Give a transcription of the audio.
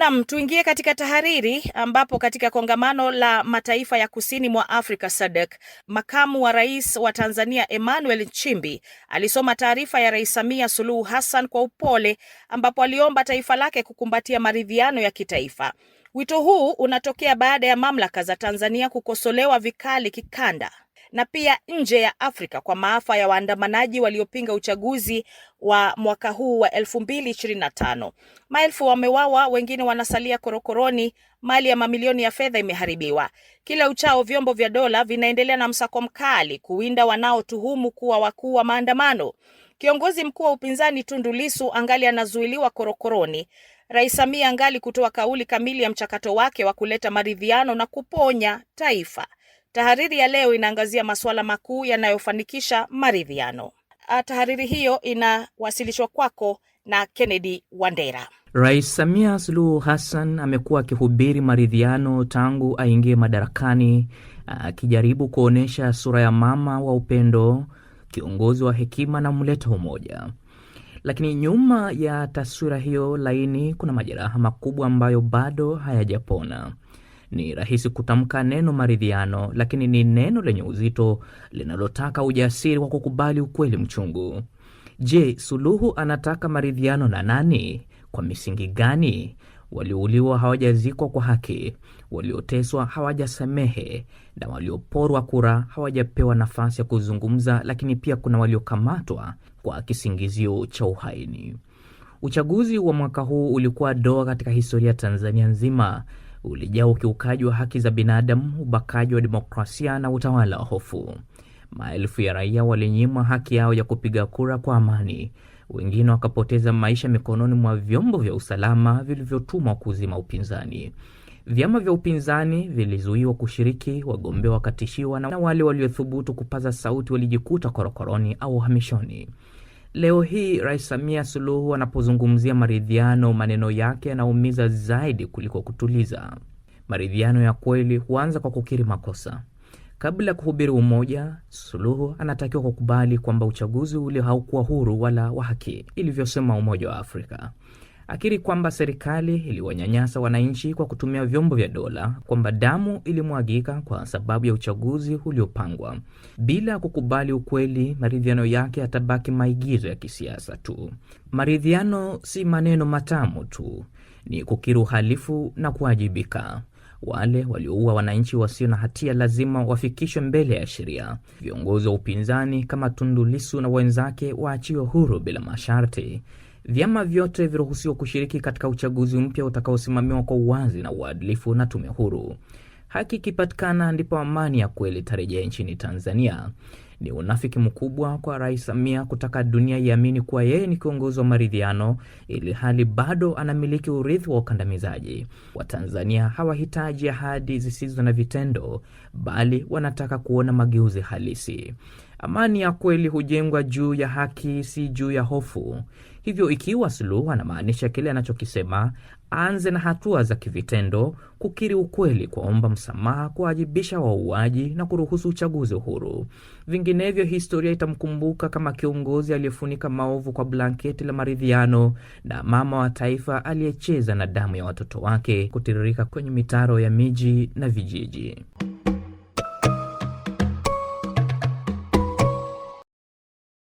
Nam, tuingie katika tahariri ambapo katika kongamano la mataifa ya kusini mwa Afrika SADC, makamu wa rais wa Tanzania Emmanuel Nchimbi alisoma taarifa ya Rais Samia Suluhu Hassan kwa upole, ambapo aliomba taifa lake kukumbatia maridhiano ya kitaifa. Wito huu unatokea baada ya mamlaka za Tanzania kukosolewa vikali kikanda na pia nje ya Afrika kwa maafa ya waandamanaji waliopinga uchaguzi wa mwaka huu wa 2025. Maelfu wamewawa, wengine wanasalia korokoroni, mali ya mamilioni ya fedha imeharibiwa. Kila uchao vyombo vya dola vinaendelea na msako mkali kuwinda wanaotuhumu kuwa wakuu wa maandamano. Kiongozi mkuu wa upinzani Tundu Lissu angali anazuiliwa korokoroni. Rais Samia angali kutoa kauli kamili ya mchakato wake wa kuleta maridhiano na kuponya taifa. Tahariri ya leo inaangazia masuala makuu yanayofanikisha maridhiano. Ah, tahariri hiyo inawasilishwa kwako na Kennedy Wandera. Rais Samia Suluhu Hassan amekuwa akihubiri maridhiano tangu aingie madarakani, akijaribu kuonyesha sura ya mama wa upendo, kiongozi wa hekima na mleta umoja. Lakini nyuma ya taswira hiyo laini kuna majeraha makubwa ambayo bado hayajapona. Ni rahisi kutamka neno maridhiano, lakini ni neno lenye uzito linalotaka ujasiri wa kukubali ukweli mchungu. Je, Suluhu anataka maridhiano na nani? Kwa misingi gani? Waliouliwa hawajazikwa kwa haki, walioteswa hawajasamehe, na walioporwa kura hawajapewa nafasi ya kuzungumza. Lakini pia kuna waliokamatwa kwa kisingizio cha uhaini. Uchaguzi wa mwaka huu ulikuwa doa katika historia ya Tanzania nzima ulijaa ukiukaji wa haki za binadamu, ubakaji wa demokrasia na utawala wa hofu. Maelfu ya raia walinyimwa haki yao ya kupiga kura kwa amani, wengine wakapoteza maisha mikononi mwa vyombo vya usalama vilivyotumwa kuzima upinzani. Vyama vya upinzani vilizuiwa kushiriki, wagombea wakatishiwa, na wale waliothubutu kupaza sauti walijikuta korokoroni au uhamishoni. Leo hii Rais Samia Suluhu anapozungumzia maridhiano, maneno yake yanaumiza zaidi kuliko kutuliza. Maridhiano ya kweli huanza kwa kukiri makosa. Kabla ya kuhubiri umoja, Suluhu anatakiwa kukubali kwamba uchaguzi ule haukuwa huru wala wa haki, ilivyosema Umoja wa Afrika akiri kwamba serikali iliwanyanyasa wananchi kwa kutumia vyombo vya dola, kwamba damu ilimwagika kwa sababu ya uchaguzi uliopangwa. Bila kukubali ukweli, maridhiano yake yatabaki maigizo ya kisiasa tu. Maridhiano si maneno matamu tu, ni kukiri uhalifu na kuwajibika. Wale walioua wananchi wasio na hatia lazima wafikishwe mbele ya sheria. Viongozi wa upinzani kama Tundu Lissu na wenzake waachiwe huru bila masharti. Vyama vyote viruhusiwa kushiriki katika uchaguzi mpya utakaosimamiwa kwa uwazi na uadilifu na tume huru. Haki ikipatikana, ndipo amani ya kweli itarejea nchini Tanzania. Ni unafiki mkubwa kwa Rais Samia kutaka dunia iamini kuwa yeye ni kiongozi wa maridhiano, ili hali bado anamiliki urithi wa ukandamizaji. Watanzania hawahitaji ahadi zisizo na vitendo, bali wanataka kuona mageuzi halisi. Amani ya kweli hujengwa juu ya haki, si juu ya hofu. Hivyo ikiwa Suluhu anamaanisha kile anachokisema, aanze na hatua za kivitendo: kukiri ukweli, kuomba msamaha, kuwajibisha wauaji na kuruhusu uchaguzi huru. Vinginevyo historia itamkumbuka kama kiongozi aliyefunika maovu kwa blanketi la maridhiano na mama wa taifa aliyecheza na damu ya watoto wake kutiririka kwenye mitaro ya miji na vijiji.